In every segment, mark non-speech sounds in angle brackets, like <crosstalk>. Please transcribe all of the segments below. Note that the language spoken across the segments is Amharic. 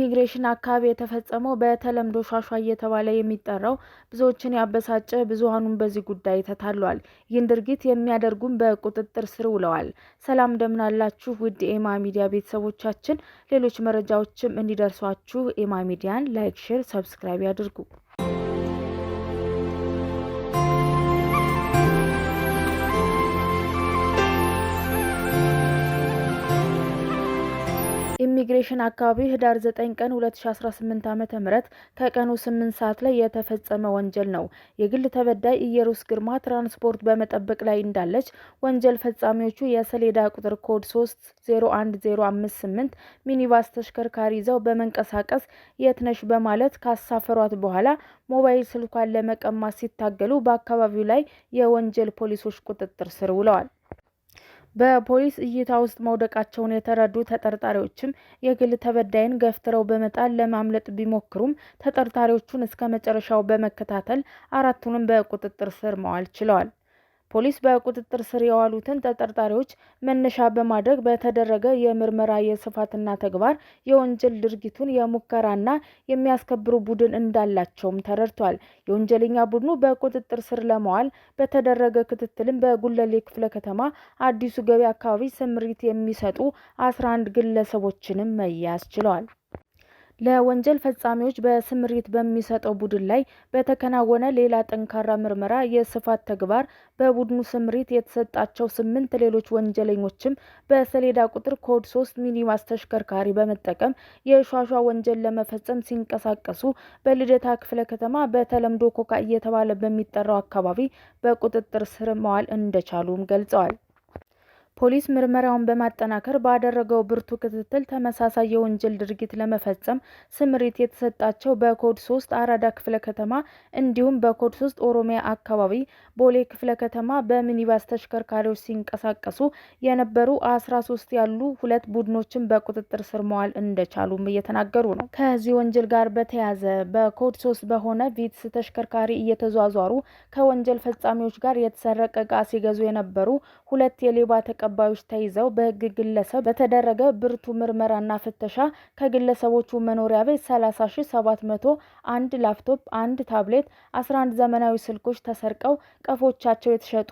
ኢሚግሬሽን አካባቢ የተፈጸመው በተለምዶ ሻሻ እየተባለ የሚጠራው ብዙዎችን ያበሳጨ ብዙሀኑን በዚህ ጉዳይ ተታሏል። ይህን ድርጊት የሚያደርጉም በቁጥጥር ስር ውለዋል። ሰላም እንደምናላችሁ ውድ ኤማ ሚዲያ ቤተሰቦቻችን፣ ሌሎች መረጃዎችም እንዲደርሷችሁ ኤማ ሚዲያን ላይክ፣ ሼር፣ ሰብስክራይብ ያድርጉ። ኢሚግሬሽን አካባቢ ህዳር 9 ቀን 2018 ዓ ም ከቀኑ 8 ሰዓት ላይ የተፈጸመ ወንጀል ነው። የግል ተበዳይ ኢየሩስ ግርማ ትራንስፖርት በመጠበቅ ላይ እንዳለች ወንጀል ፈጻሚዎቹ የሰሌዳ ቁጥር ኮድ 301058 ሚኒባስ ተሽከርካሪ ይዘው በመንቀሳቀስ የትነሽ በማለት ካሳፈሯት በኋላ ሞባይል ስልኳን ለመቀማት ሲታገሉ በአካባቢው ላይ የወንጀል ፖሊሶች ቁጥጥር ስር ውለዋል። በፖሊስ እይታ ውስጥ መውደቃቸውን የተረዱ ተጠርጣሪዎችም የግል ተበዳይን ገፍትረው በመጣል ለማምለጥ ቢሞክሩም ተጠርጣሪዎቹን እስከ መጨረሻው በመከታተል አራቱንም በቁጥጥር ስር መዋል ችለዋል። ፖሊስ በቁጥጥር ስር የዋሉትን ተጠርጣሪዎች መነሻ በማድረግ በተደረገ የምርመራ የስፋትና ተግባር የወንጀል ድርጊቱን የሙከራና የሚያስከብሩ ቡድን እንዳላቸውም ተረድቷል። የወንጀለኛ ቡድኑ በቁጥጥር ስር ለመዋል በተደረገ ክትትልም በጉለሌ ክፍለ ከተማ አዲሱ ገበያ አካባቢ ስምሪት የሚሰጡ አስራ አንድ ግለሰቦችንም መያዝ ችለዋል። ለወንጀል ፈጻሚዎች በስምሪት በሚሰጠው ቡድን ላይ በተከናወነ ሌላ ጠንካራ ምርመራ የስፋት ተግባር በቡድኑ ስምሪት የተሰጣቸው ስምንት ሌሎች ወንጀለኞችም በሰሌዳ ቁጥር ኮድ ሶስት ሚኒባስ ተሽከርካሪ በመጠቀም የሿሿ ወንጀል ለመፈጸም ሲንቀሳቀሱ በልደታ ክፍለ ከተማ በተለምዶ ኮካ እየተባለ በሚጠራው አካባቢ በቁጥጥር ስር መዋል እንደቻሉም ገልጸዋል። ፖሊስ ምርመራውን በማጠናከር ባደረገው ብርቱ ክትትል ተመሳሳይ የወንጀል ድርጊት ለመፈጸም ስምሪት የተሰጣቸው በኮድ ሶስት አራዳ ክፍለ ከተማ እንዲሁም በኮድ 3 ኦሮሚያ አካባቢ ቦሌ ክፍለ ከተማ በሚኒባስ ተሽከርካሪዎች ሲንቀሳቀሱ የነበሩ አስራ ያሉ ሁለት ቡድኖችን በቁጥጥር ስር መዋል እንደቻሉም እየተናገሩ ነው። ከዚህ ወንጀል ጋር በተያያዘ በኮድ 3 በሆነ ቪትስ ተሽከርካሪ እየተዟዟሩ ከወንጀል ፈጻሚዎች ጋር የተሰረቀ ዕቃ ሲገዙ የነበሩ ሁለት የሌባ ተቀ ተቀባዮች ተይዘው በህግ ግለሰብ በተደረገ ብርቱ ምርመራና ፍተሻ ከግለሰቦቹ መኖሪያ ቤት አንድ ላፕቶፕ፣ አንድ ታብሌት፣ 11 ዘመናዊ ስልኮች ተሰርቀው ቀፎቻቸው የተሸጡ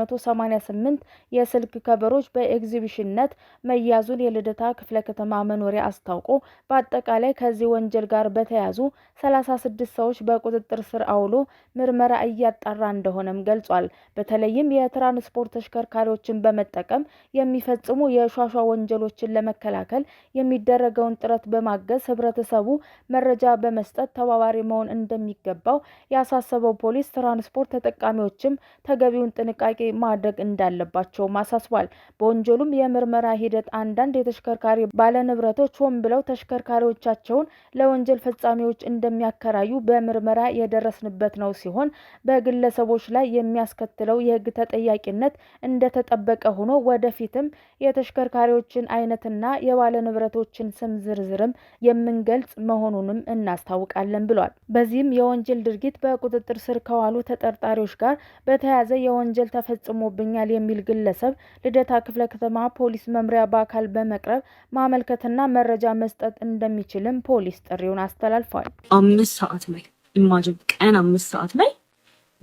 188 የስልክ ከበሮች በኤግዚቢሽንነት መያዙን የልደታ ክፍለ ከተማ መኖሪያ አስታውቆ በአጠቃላይ ከዚህ ወንጀል ጋር በተያዙ 36 ሰዎች በቁጥጥር ስር አውሎ ምርመራ እያጣራ እንደሆነም ገልጿል። በተለይም የትራንስፖርት ተሽከርካሪዎችን በመጠቀም በመጠቀም የሚፈጽሙ የሿሿ ወንጀሎችን ለመከላከል የሚደረገውን ጥረት በማገዝ ህብረተሰቡ መረጃ በመስጠት ተባባሪ መሆን እንደሚገባው ያሳሰበው ፖሊስ ትራንስፖርት ተጠቃሚዎችም ተገቢውን ጥንቃቄ ማድረግ እንዳለባቸውም አሳስቧል። በወንጀሉም የምርመራ ሂደት አንዳንድ የተሽከርካሪ ባለንብረቶች ሆን ብለው ተሽከርካሪዎቻቸውን ለወንጀል ፈጻሚዎች እንደሚያከራዩ በምርመራ የደረስንበት ነው ሲሆን በግለሰቦች ላይ የሚያስከትለው የህግ ተጠያቂነት እንደተጠበቀ ሆኖ ወደፊትም የተሽከርካሪዎችን አይነትና የባለ ንብረቶችን ስም ዝርዝርም የምንገልጽ መሆኑንም እናስታውቃለን ብሏል። በዚህም የወንጀል ድርጊት በቁጥጥር ስር ከዋሉ ተጠርጣሪዎች ጋር በተያያዘ የወንጀል ተፈጽሞብኛል የሚል ግለሰብ ልደታ ክፍለ ከተማ ፖሊስ መምሪያ በአካል በመቅረብ ማመልከትና መረጃ መስጠት እንደሚችልም ፖሊስ ጥሪውን አስተላልፏል። አምስት ሰዓት ላይ ኢማጅን ቀን አምስት ሰዓት ላይ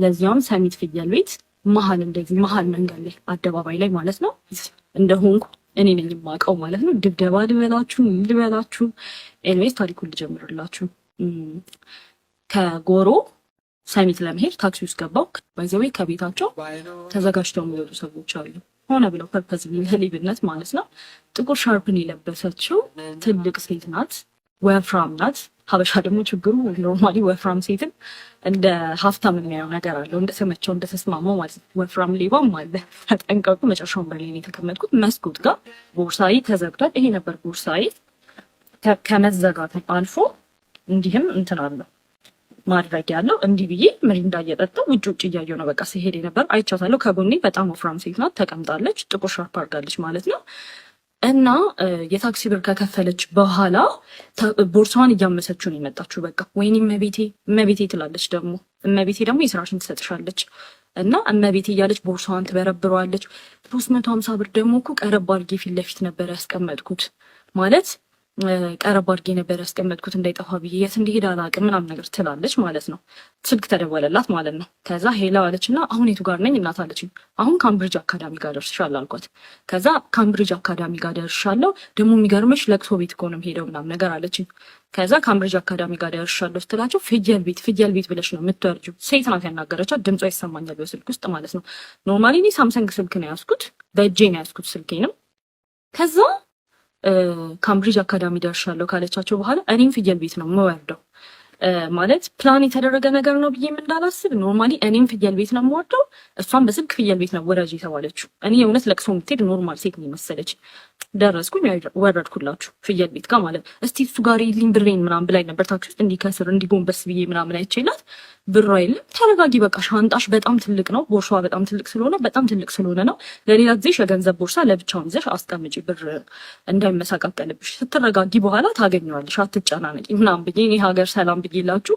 ለዚያውም ሰሚት ፍየል ቤት መሀል እንደዚህ መሀል መንገድ ላይ አደባባይ ላይ ማለት ነው እንደሆንኩ እኔ ነኝ የማውቀው ማለት ነው። ድብደባ ልበላችሁ ልበላችሁ። ኤንዌይስ ታሪኩን ልጀምርላችሁ። ከጎሮ ሰሚት ለመሄድ ታክሲ ውስጥ ገባው። ባይዘዌ ከቤታቸው ተዘጋጅተው የሚወጡ ሰዎች አሉ። ሆነ ብለው ፐርፐዝ ለሌብነት ማለት ነው። ጥቁር ሻርፕን የለበሰችው ትልቅ ሴት ናት፣ ወፍራም ናት። ሀበሻ ደግሞ ችግሩ ኖርማሊ ወፍራም ሴትን እንደ ሀብታም የሚያየው ነገር አለው፣ እንደተመቸው እንደተስማማው ማለት ነው። ወፍራም ሌባም አለ፣ ተጠንቀቁ። መጨረሻውን በሌን የተቀመጥኩት። መስኮት ጋር ቦርሳዬ ተዘግቷል። ይሄ ነበር ቦርሳዬ። ከመዘጋትም አልፎ እንዲህም እንትን አለው ማድረግ ያለው እንዲህ ብዬ ምሪንዳ እየጠጣሁ ውጭ ውጭ እያየው ነው። በቃ ሲሄድ ነበር አይቻታለሁ። ከጎኔ በጣም ወፍራም ሴት ናት፣ ተቀምጣለች። ጥቁር ሻርፕ አድርጋለች ማለት ነው። እና የታክሲ ብር ከከፈለች በኋላ ቦርሳዋን እያመሰችው ነው የመጣችሁ። በቃ ወይኔ እመቤቴ እመቤቴ ትላለች። ደግሞ እመቤቴ ደግሞ የስራሽን ትሰጥሻለች እና እመቤቴ እያለች ቦርሳዋን ትበረብረዋለች። ሶስት መቶ ሀምሳ ብር ደግሞ እኮ ቀረብ አድርጌ ፊት ለፊት ነበር ያስቀመጥኩት ማለት ቀረብ አድርጌ ነበር ያስቀመጥኩት እንዳይጠፋ ብዬ የት እንዲሄድ አላውቅም ምናምን ነገር ትላለች ማለት ነው። ስልክ ተደወለላት ማለት ነው። ከዛ ሄላ አለች እና አሁን የቱ ጋር ነኝ እናት አለች። አሁን ካምብሪጅ አካዳሚ ጋር ደርሻለሁ አልኳት። ከዛ ካምብሪጅ አካዳሚ ጋር ደርሻለሁ ደግሞ የሚገርምሽ ለቅሶ ቤት እኮ ሄደው የምሄደው ምናምን ነገር አለች። ከዛ ካምብሪጅ አካዳሚ ጋር ደርሻለሁ ስትላቸው ፍየል ቤት ፍየል ቤት ብለሽ ነው የምትወርጁ ሴት ናት ያናገረቻት። ድምጿ ይሰማኛል በስልክ ውስጥ ማለት ነው። ኖርማሊ ሳምሰንግ ስልክ ነው ያስኩት በእጄ ነው ያስኩት ስልኬንም ከዛ ካምብሪጅ አካዳሚ ደርሻለሁ ካለቻቸው በኋላ እኔም ፍየል ቤት ነው የምወርደው። ማለት ፕላን የተደረገ ነገር ነው ብዬ እንዳላስብ ኖርማሊ እኔም ፍየል ቤት ነው የምወርደው፣ እሷም በስልክ ፍየል ቤት ነው ወረጅ የተባለችው። እኔ የእውነት ለቅሶ የምትሄድ ኖርማል ሴት ነው የመሰለች። ደረስኩኝ፣ ወረድኩላችሁ ፍየል ቤት ጋር ማለት እስቲ እሱ ጋር የለኝ ብሬን ምናምን ብላኝ ነበር ታክሲ ውስጥ እንዲከስር እንዲጎንበስ ብዬ ምናምን አይቼላት፣ ብሯ የለም። ተረጋጊ በቃ ሻንጣሽ በጣም ትልቅ ነው፣ ቦርሳዋ በጣም ትልቅ ስለሆነ በጣም ትልቅ ስለሆነ ነው። ለሌላ ጊዜሽ የገንዘብ ቦርሳ ለብቻውን ይዘሽ አስቀምጪ ብር እንዳይመሳቀቀልብሽ። ስትረጋጊ በኋላ ታገኘዋለሽ፣ አትጨናነቂ ምናምን ብዬ እኔ ሀገር ሰላም ብዬ አድርጌላችሁ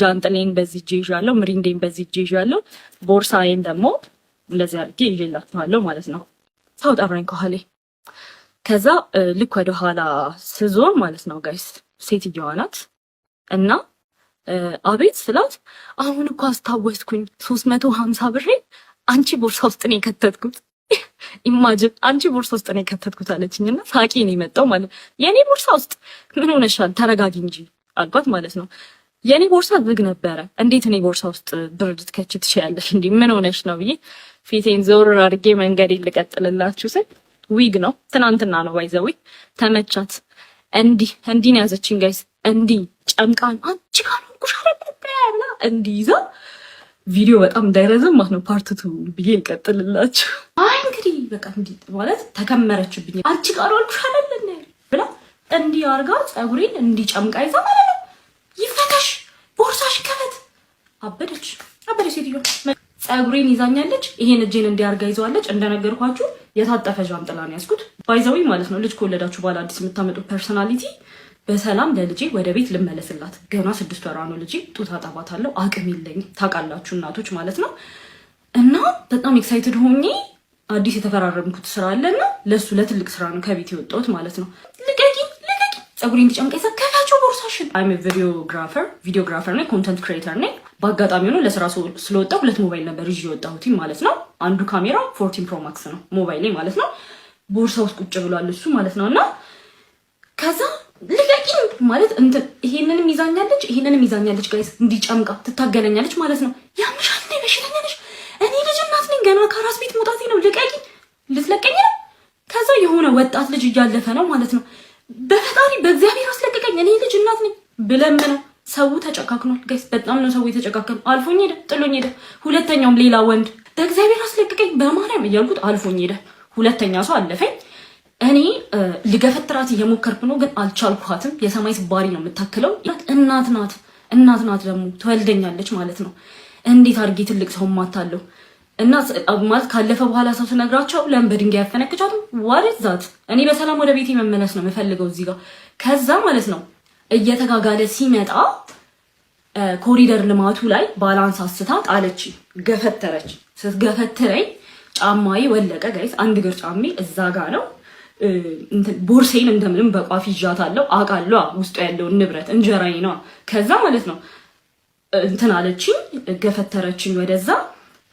ጃንጥሌን በዚህ እጄ ይዣለሁ፣ ምሪንዴን በዚህ እጄ ይዣለሁ፣ ቦርሳዬን ደግሞ እንደዚህ አድርጌ ይዤላችኋለሁ ማለት ነው። ሰው ጠራኝ ከኋላ። ከዛ ልክ ወደ ኋላ ስዞር ማለት ነው ጋይስ ሴትዮዋ ናት እና አቤት ስላት አሁን እኮ አስታወስኩኝ ሶስት መቶ ሀምሳ ብሬ አንቺ ቦርሳ ውስጥ ነው የከተትኩት <laughs> ኢማጅን አንቺ ቦርሳ ውስጥ ነው የከተትኩት አለችኝ። እና ሳቂ ነው የመጣው ማለት የእኔ ቦርሳ ውስጥ ምን ሆነሻል? ተረጋጊ እንጂ አልኳት ማለት ነው። የእኔ ቦርሳ ዝግ ነበረ። እንዴት እኔ ቦርሳ ውስጥ ብር ልትከች ትችያለሽ? እንዲህ ምን ሆነሽ ነው ብዬ ፊቴን ዞር አድርጌ መንገዴ ልቀጥልላችሁ ስል ዊግ ነው። ትናንትና ነው ባይዘዊ ተመቻት። እንዲህ እንዲህ ነው ያዘችኝ ጋይስ። እንዲህ ጨምቃን አንቺ ጋር ብላ እንዲህ ይዛ ቪዲዮ በጣም እንዳይረዝም ማለት ነው ፓርት ፓርትቱ ብዬ ልቀጥልላችሁ። አይ እንግዲህ በቃ እንዲህ ማለት ተከመረችብኝ። አንቺ ጋር ብላ እንዲህ አርጋ ፀጉሬን እንዲህ ጨምቃ ይዛ ማለት ይፈታሽ፣ ቦርሳሽ ከበት። አበደች አበደች ሴትዮ። ፀጉሬን ይዛኛለች። ይሄን እጄን እንዲያርጋ ይዘዋለች። እንደነገርኳችሁ የታጠፈ ዣንጥላ ነው ያዝኩት። ባይዘዊ ማለት ነው ልጅ ከወለዳችሁ በኋላ አዲስ የምታመጡ ፐርሶናሊቲ። በሰላም ለልጄ ወደ ቤት ልመለስላት። ገና ስድስት ወራ ነው ልጄ። ጡት አጠባታለሁ። አቅም የለኝ ታውቃላችሁ፣ እናቶች ማለት ነው። እና በጣም ኤክሳይትድ ሆኜ አዲስ የተፈራረምኩት ስራ አለና ለእሱ ለትልቅ ስራ ነው ከቤት የወጣሁት ማለት ነው። ልቀቂ ፀጉር እንዲጨምቀኝ ሰ ከፋቸው ቦርሳሽን። አይም ቪዲዮግራፈር ቪዲዮግራፈር ነኝ፣ ኮንተንት ክሬተር ነኝ። በአጋጣሚ ሆኖ ለስራ ስለወጣ ሁለት ሞባይል ነበር ይዤ የወጣሁት ማለት ነው። አንዱ ካሜራ ፎርቲን ፕሮ ማክስ ነው ሞባይል ማለት ነው። ቦርሳ ውስጥ ቁጭ ብሏል እሱ ማለት ነው። እና ከዛ ልቀቂኝ ማለት እንትን ይሄንንም ይዛኛለች፣ ይሄንንም ይዛኛለች። ጋይስ እንዲጨምቃ ትታገለኛለች ማለት ነው። ያምሻል ነኝ በሽተኛ ነሽ። እኔ ልጅ እናት ነኝ፣ ገና ከራስ ቤት መውጣቴ ነው። ልቀቂኝ፣ ልትለቀኝ ነው። ከዛ የሆነ ወጣት ልጅ እያለፈ ነው ማለት ነው በፈጣሪ በእግዚአብሔር አስለቀቀኝ እኔ ልጅ እናት ነኝ ብለምነው ሰው ተጨካክኗል። ጋይስ በጣም ነው ሰው የተጨካከሉ። አልፎኝ ሄደ፣ ጥሎኝ ሄደ። ሁለተኛውም ሌላ ወንድ በእግዚአብሔር አስለቀቀኝ በማርያም እያልኩት አልፎኝ ሄደ። ሁለተኛ ሰው አለፈኝ። እኔ ልገፈትራት እየሞከርኩ ነው፣ ግን አልቻልኳትም። የሰማይ ስባሪ ነው የምታክለው። እናት ናት፣ እናት ናት ደግሞ ትወልደኛለች ማለት ነው። እንዴት አድርጌ ትልቅ ሰው ማታለሁ? እና ማለት ካለፈ በኋላ ሰው ስነግራቸው ለምን በድንጋይ ያፈነክቻት ዋደት ዛት እኔ በሰላም ወደ ቤቴ መመለስ ነው የምፈልገው እዚህ ጋር። ከዛ ማለት ነው እየተጋጋለ ሲመጣ ኮሪደር ልማቱ ላይ ባላንስ አስታ ጣለች፣ ገፈተረች። ስትገፈትረኝ ጫማዬ ወለቀ። ጋይስ አንድ እግር ጫሜ እዛ ጋ ነው። ቦርሴን እንደምንም በቋፍ ይዣታለሁ። አቃሏ ውስጡ ያለውን ንብረት እንጀራዬ ነው። ከዛ ማለት ነው እንትን አለችኝ፣ ገፈተረችኝ ወደዛ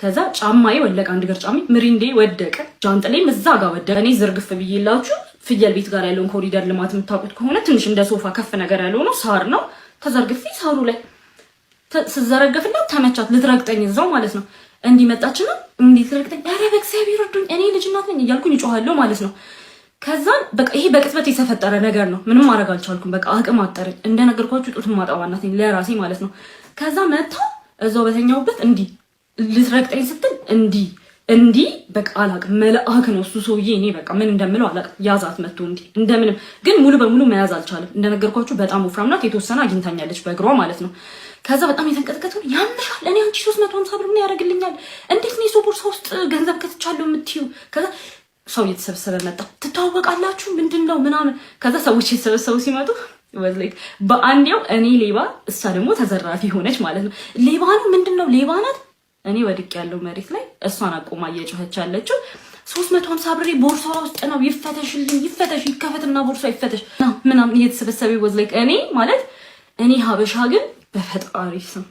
ከዛ ጫማዬ ወለቀ፣ አንድ ገር ጫማዬ ምሪንዴ ወደቀ፣ ጃንጥሌም እዛ ጋር ወደቀ። እኔ ዝርግፍ ብዬላችሁ ፍየል ቤት ጋር ያለውን ኮሪደር ልማት የምታውቁት ከሆነ ትንሽ እንደ ሶፋ ከፍ ነገር ያለው ነው፣ ሳር ነው። ተዘርግፊ ሳሩ ላይ ስዘረገፍና ተመቻት ልትረግጠኝ እዛው ማለት ነው። እንዲህ መጣችና እንዲህ ኧረ በእግዚአብሔር እርዱኝ፣ እኔ ልጅ እናት ነኝ እያልኩኝ እጮኋለሁ ማለት ነው። ከዛ በቃ ይሄ በቅጽበት የተፈጠረ ነገር ነው። ምንም ማድረግ አልቻልኩም። በቃ አቅም አጠረኝ። እንደነገርኳችሁ ጡት ማጣባ እናት ለራሴ ማለት ነው። ከዛ መታ እዛው በተኛውበት እንዲህ ልትረግጠኝ ስትል እንዲህ እንዲህ በቃ አላቅም። መልአክ ነው እሱ ሰውዬ። እኔ በቃ ምን እንደምለው አላቅም። ያዛት መጥቶ እንዲህ እንደምንም ግን ሙሉ በሙሉ መያዝ አልቻለም። እንደነገርኳችሁ በጣም ወፍራም ናት። የተወሰነ አግኝታኛለች በእግሯ ማለት ነው። ከዛ በጣም የተንቀጥቀጡ ያምሻል። እኔ አንቺ ሶስት መቶ ሀምሳ ብር ምን ያደርግልኛል? እንዴት ነው የሰው ቦርሳ ውስጥ ገንዘብ ከትቻለሁ የምትዩ? ከዛ ሰው እየተሰበሰበ መጣ። ትታወቃላችሁ ምንድን ነው ምናምን። ከዛ ሰዎች የተሰበሰቡ ሲመጡ በአንዴው እኔ ሌባ፣ እሷ ደግሞ ተዘራፊ ሆነች ማለት ነው። ሌባ ነው ምንድን ነው ሌባ ናት እኔ ወድቅ ያለው መሬት ላይ እሷን አቆማ እየጮኸች ያለችው ሶስት መቶ ሀምሳ ብሬ ቦርሷ ውስጥ ነው ይፈተሽልኝ፣ ይፈተሽ፣ ይከፈትና ቦርሷ ይፈተሽ ምናምን እየተሰበሰበ ወዝ ላይ እኔ ማለት እኔ ሀበሻ ግን በፈጣሪ ስም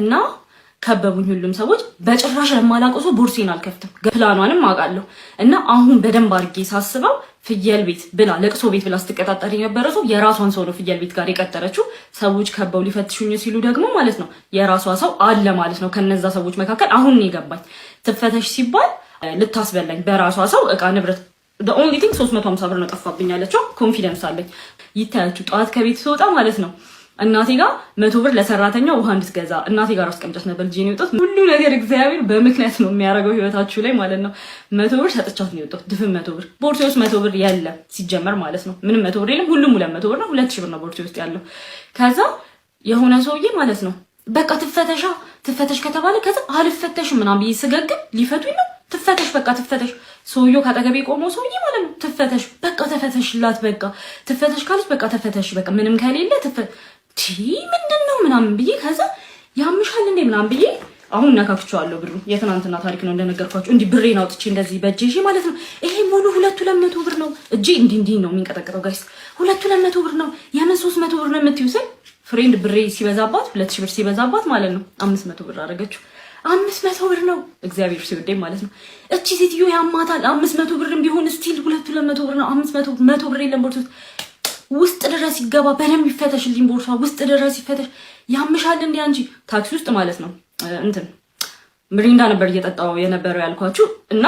እና ከበቡኝ ሁሉም ሰዎች። በጭራሽ የማላውቀው ሰው ቦርሴን አልከፍትም፣ ፕላኗንም አውቃለሁ እና አሁን በደንብ አድርጌ ሳስበው ፍየል ቤት ብላ ለቅሶ ቤት ብላ ስትቀጣጠር የነበረ ሰው የራሷን ሰው ነው ፍየል ቤት ጋር የቀጠረችው። ሰዎች ከበው ሊፈትሹኝ ሲሉ ደግሞ ማለት ነው የራሷ ሰው አለ ማለት ነው። ከነዛ ሰዎች መካከል አሁን የገባኝ ትፈተሽ ሲባል ልታስበላኝ በራሷ ሰው እቃ ንብረት ኦንሊ ቲንግ 350 ብር ነው ጠፋብኝ አለችው። ኮንፊደንስ አለኝ። ይታያችሁ ጠዋት ከቤት ስወጣ ማለት ነው እናቴ ጋር መቶ ብር ለሰራተኛ ውሃ እንድትገዛ እናቴ ጋር አስቀምጫት ነበር። ጂኒ ወጣት ሁሉ ነገር እግዚአብሔር በምክንያት ነው የሚያደርገው ህይወታችሁ ላይ ማለት ነው። መቶ ብር ሰጥቻት ነው የወጣሁት። ድፍን መቶ ብር ቦርሴ ውስጥ መቶ ብር የለም ሲጀመር ማለት ነው። ምንም መቶ ብር የለም። ሁሉም ሁለት መቶ ብር ነው። ሁለት ሺህ ብር ነው ቦርሴ ውስጥ ያለው። ከዛ የሆነ ሰውዬ ማለት ነው በቃ ትፈተሻ ትፈተሽ ከተባለ ከዛ አልፈተሽ ምናምን ብዬ ስገግም ሊፈቱኝ ነው ትፈተሽ በቃ ትፈተሽ። ሰውዬው ካጠገቤ የቆመው ሰውዬ ማለት ነው። ትፈተሽ በቃ ተፈተሽላት በቃ ትፈተሽ ካለች በቃ ተፈተሽ በቃ ምንም ከሌለ ቲ ምንድን ነው ምናምን ብዬ ከዛ ያምሻል እንዴ ምናምን ብዬ አሁን ነካክቸዋለሁ። ብሩ የትናንትና ታሪክ ነው እንደነገርኳቸው። እንዲህ ብሬን አውጥቼ እንደዚህ በእጄ ይሄ ማለት ነው ይሄ ሙሉ ሁለቱ ለመቶ ብር ነው። እጄ እንዲህ እንዲህ ነው የሚንቀጠቀጠው። ጋይስ ሁለቱ ለመቶ ብር ነው። የምን ሶስት መቶ ብር ነው የምትይው ስል ፍሬንድ ብሬ ሲበዛባት ሁለት ሺህ ብር ሲበዛባት ማለት ነው አምስት መቶ ብር አደረገችው። አምስት መቶ ብር ነው እግዚአብሔር ሲወደኝ ማለት ነው። እቺ ሴትዮ ያማታል። አምስት መቶ ብርም ቢሆን ስቲል ሁለቱ ለመቶ ብር ነው። አምስት መቶ መቶ ብር የለም ቦርሶ ውስጥ ድረስ ይገባ፣ በደንብ ይፈተሽልኝ፣ ቦርሳ ውስጥ ድረስ ይፈተሽ። ያምሻል እንዲ አንቺ ታክሲ ውስጥ ማለት ነው እንትን ምሪንዳ ነበር እየጠጣው የነበረው ያልኳችሁ እና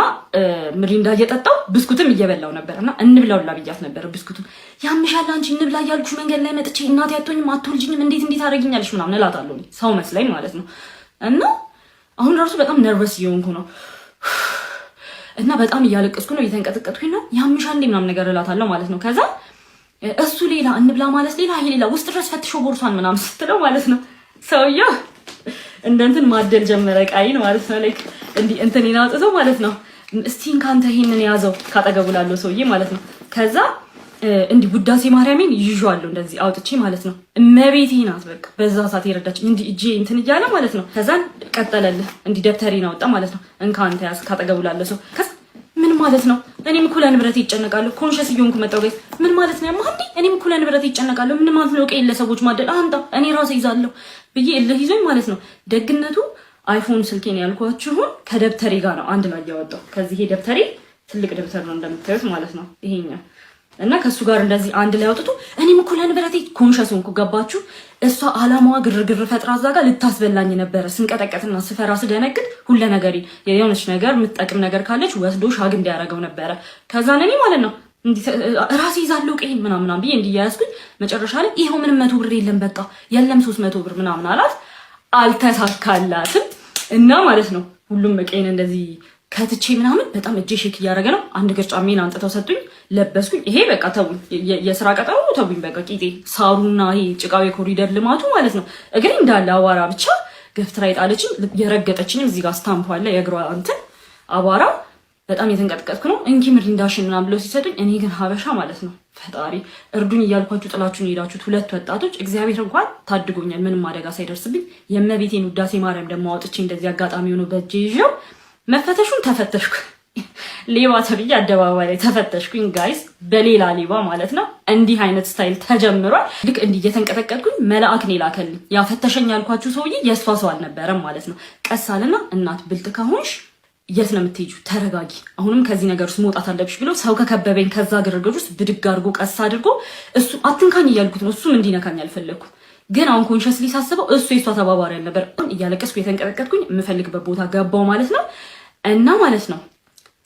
ምሪንዳ እየጠጣው ብስኩትም እየበላው ነበር እና እንብላው ብያት ነበር። ብስኩትም ያምሻል አንቺ እንብላ ያልኩሽ መንገድ ላይ መጥቼ እናቴ አትሆኝም አትወልጂኝም እንዴት እንዴት አደረግኛለሽ ምናምን እላታለሁ። ሰው መስለኝ ማለት ነው እና አሁን ራሱ በጣም ነርቨስ እየሆንኩ ነው እና በጣም እያለቀስኩ ነው፣ እየተንቀጠቀጥኩኝ ነው። ያምሻል እንዴ ምናምን ነገር እላታለሁ ማለት ነው ከዛ እሱ ሌላ እንብላ ማለት ሌላ ይሄ ሌላ ውስጥ ድረስ ፈትሾ ቦርሷን ምናምን ስትለው ማለት ነው ሰውየው እንደንትን ማደል ጀመረ ቃይን ማለት ነው። ላይክ እንዲህ እንትን አውጥተው ማለት ነው እስቲ እንካንተ ይሄንን ያዘው ካጠገቡ ላለው ሰውዬ ማለት ነው። ከዛ እንዲህ ውዳሴ ማርያምን ይዤዋለሁ እንደዚህ አውጥቼ ማለት ነው። እመቤቴ ናት በቃ በዛ ሰዓት የረዳች እንዲህ እጄ እንትን እያለ ማለት ነው። ከዛን ቀጠለልህ እንዲህ ደብተሬን አወጣ ማለት ነው። እንካ አንተ ያዝ ካጠገቡ ላለው ሰው ማለት ነው? እኔም እኮ ለንብረት ይጨነቃለሁ። ኮንሸስ እየሆንኩ መጣሁ። ጋይስ ምን ማለት ነው? ማንዲ እኔም እኮ ለንብረት ይጨነቃለሁ። ምን ማለት ነው? ቀይ ለሰዎች ማደል አምጣ እኔ ራሴ ይዛለሁ ብዬ እልህ ይዞኝ ማለት ነው። ደግነቱ አይፎን ስልኬን ያልኳችሁን ከደብተሬ ጋር ነው አንድ ላይ ያወጣው። ከዚህ ይሄ ደብተሬ ትልቅ ደብተር ነው እንደምታዩት ማለት ነው ይሄኛው እና ከእሱ ጋር እንደዚህ አንድ ላይ አውጥቶ እኔም እኮ ለንብረቴ ኮንሸስ ሆንኩ። ገባችሁ? እሷ አላማዋ ግርግር ፈጥራ እዛ ጋር ልታስበላኝ ነበረ። ስንቀጠቀጥና ስፈራ ስደነግጥ ሁለ ነገር የሆነች ነገር የምትጠቅም ነገር ካለች ወስዶ ሻግ እንዲያደርገው ነበረ። ከዛን እኔ ማለት ነው ራሴ ይዛለው ቀይ ምናምና ብዬ እንዲያያዝኩኝ መጨረሻ ላይ ይኸው ምንም መቶ ብር የለም በቃ የለም ሶስት መቶ ብር ምናምን አላት። አልተሳካላትም እና ማለት ነው ሁሉም እቄን እንደዚህ ከትቼ ምናምን በጣም እጄ ሼክ እያደረገ ነው። አንድ እግር ጫሜን አንጥተው ሰጡኝ፣ ለበስኩኝ። ይሄ በቃ ተው የስራ ቀጠሮ ተውኝ። በቃ ቂጤ ሳሩና ይሄ ጭቃው የኮሪደር ልማቱ ማለት ነው። እግሬ እንዳለ አቧራ ብቻ ገፍትራ የጣለችኝ የረገጠችኝም እዚህ ጋር ስታምፖ አለ የእግሯ እንትን አቧራ በጣም የተንቀጥቀጥኩ ነው። እንኪ ምሪንዳሽን ምናምን ብለው ሲሰጡኝ፣ እኔ ግን ሀበሻ ማለት ነው ፈጣሪ እርዱኝ እያልኳችሁ ጥላችሁን የሄዳችሁት ሁለት ወጣቶች እግዚአብሔር እንኳን ታድጎኛል፣ ምንም አደጋ ሳይደርስብኝ የእመቤቴን ውዳሴ ማርያም ደግሞ አውጥቼ እንደዚህ አጋጣሚ ሆኖ በእጄ ይዤው መፈተሹን ተፈተሽኩ። ሌባ ተብዬ አደባባይ ላይ ተፈተሽኩኝ። ጋይስ በሌላ ሌባ ማለት ነው። እንዲህ አይነት ስታይል ተጀምሯል። ልክ እንዲህ እየተንቀጠቀጥኩኝ መልአክ ነው የላከልኝ። ፈተሸኝ ያልኳችሁ ሰውዬ የእሷ ሰው አልነበረም ማለት ነው። ቀስ አለና እናት ብልጥ ከሆንሽ የት ነው የምትሄጂው? ተረጋጊ፣ አሁንም ከዚህ ነገር ውስጥ መውጣት አለብሽ ብሎ ሰው ከከበበኝ ከዛ ግርግር ውስጥ ብድግ አድርጎ ቀስ አድርጎ እሱ አትንካኝ እያልኩት ነው። እሱም እንዲነካኝ አልፈለግኩም። ግን አሁን ኮንሸስ ሊሳስበው እሱ የሷ ተባባሪ አልነበር። እያለቀስኩ የተንቀጠቀጥኩኝ የምፈልግበት ቦታ ገባው ማለት ነው። እና ማለት ነው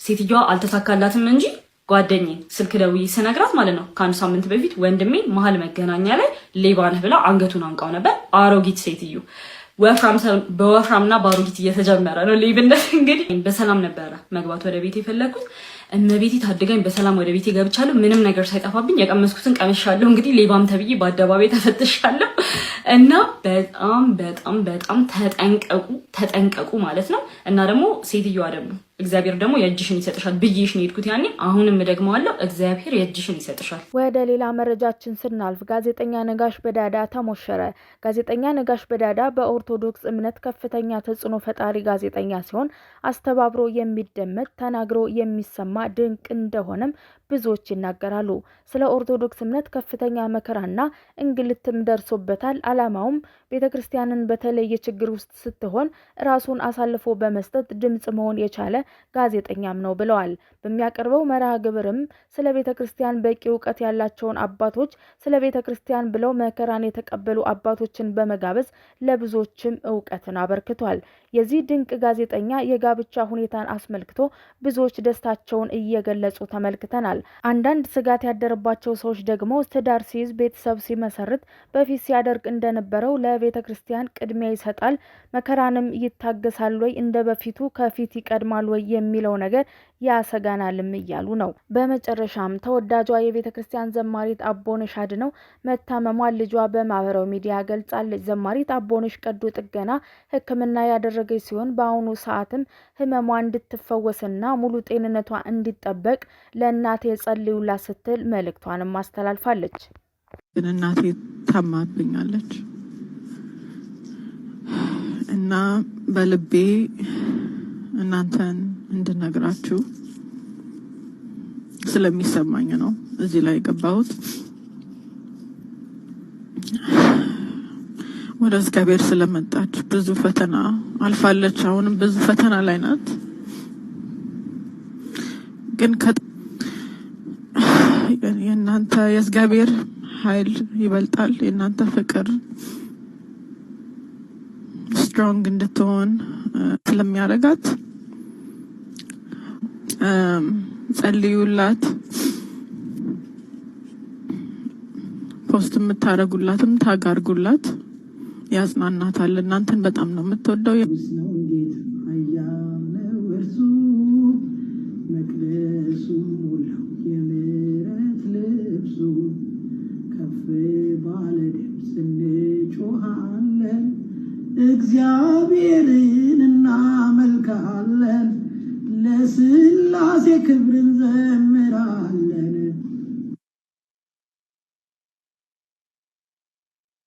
ሴትዮዋ አልተሳካላትም እንጂ ጓደኝ ስልክ ደውዬ ስነግራት ማለት ነው ከአንድ ሳምንት በፊት ወንድሜ መሀል መገናኛ ላይ ሌባ ነህ ብላ አንገቱን አንቃው ነበር። አሮጊት ሴትዮ በወፍራምና በአሮጊት እየተጀመረ ነው ሌብነት። <laughs> እንግዲህ በሰላም ነበረ መግባት ወደ ቤት የፈለግኩት። እመቤቴ ታድጋኝ፣ በሰላም ወደ ቤት ገብቻለሁ። ምንም ነገር ሳይጠፋብኝ የቀመስኩትን ቀምሻለሁ። እንግዲህ ሌባም ተብዬ በአደባባይ ተፈትሻለሁ እና በጣም በጣም በጣም ተጠንቀቁ። ተጠንቀቁ ማለት ነው እና ደግሞ ሴትዮዋ ደግሞ እግዚአብሔር ደግሞ የእጅሽን ይሰጥሻል ብዬሽ ነው የሄድኩት ያኔ። አሁንም ደግመዋለሁ፣ እግዚአብሔር የእጅሽን ይሰጥሻል። ወደ ሌላ መረጃችን ስናልፍ ጋዜጠኛ ነጋሽ በዳዳ ተሞሸረ። ጋዜጠኛ ነጋሽ በዳዳ በኦርቶዶክስ እምነት ከፍተኛ ተጽዕኖ ፈጣሪ ጋዜጠኛ ሲሆን አስተባብሮ የሚደመጥ ተናግሮ የሚሰማ ድንቅ እንደሆነም ብዙዎች ይናገራሉ። ስለ ኦርቶዶክስ እምነት ከፍተኛ መከራና እንግልትም ደርሶበታል። አላማውም ቤተ ክርስቲያንን በተለየ ችግር ውስጥ ስትሆን ራሱን አሳልፎ በመስጠት ድምፅ መሆን የቻለ ጋዜጠኛም ነው ብለዋል። በሚያቀርበው መርሃ ግብርም ስለ ቤተ ክርስቲያን በቂ እውቀት ያላቸውን አባቶች ስለ ቤተ ክርስቲያን ብለው መከራን የተቀበሉ አባቶችን በመጋበዝ ለብዙዎችም እውቀትን አበርክቷል። የዚህ ድንቅ ጋዜጠኛ የጋብቻ ሁኔታን አስመልክቶ ብዙዎች ደስታቸውን እየገለጹ ተመልክተናል። አንዳንድ ስጋት ያደረባቸው ሰዎች ደግሞ ትዳር ሲይዝ ቤተሰብ ሲመሰርት በፊት ሲያደርግ እንደነበረው ለቤተ ክርስቲያን ቅድሚያ ይሰጣል፣ መከራንም ይታገሳል ወይ እንደ በፊቱ ከፊት ይቀድማል ወይ የሚለው ነገር ያሰጋናልም እያሉ ነው። በመጨረሻም ተወዳጇ የቤተ ክርስቲያን ዘማሪት አቦነሽ አድነው መታመሟን ልጇ በማህበራዊ ሚዲያ ገልጻለች። ዘማሪት አቦነሽ ቀዶ ጥገና ሕክምና ያደረገች ሲሆን በአሁኑ ሰዓትም ህመሟ እንድትፈወስና ሙሉ ጤንነቷ እንዲጠበቅ ለእናቴ የጸልዩላት ስትል መልእክቷንም አስተላልፋለች። ግን እናቴ ታማብኛለች እና በልቤ እናንተን እንድነግራችሁ ስለሚሰማኝ ነው እዚህ ላይ የገባሁት። ወደ እግዚአብሔር ስለመጣች ብዙ ፈተና አልፋለች። አሁንም ብዙ ፈተና ላይ ናት። ግን የእናንተ የእግዚአብሔር ኃይል ይበልጣል። የእናንተ ፍቅር ስትሮንግ እንድትሆን ስለሚያደርጋት ጸልዩላት። ፖስት የምታደርጉላትም ታጋርጉላት፣ ያጽናናታል። እናንተን በጣም ነው የምትወደው። እግዚአብሔር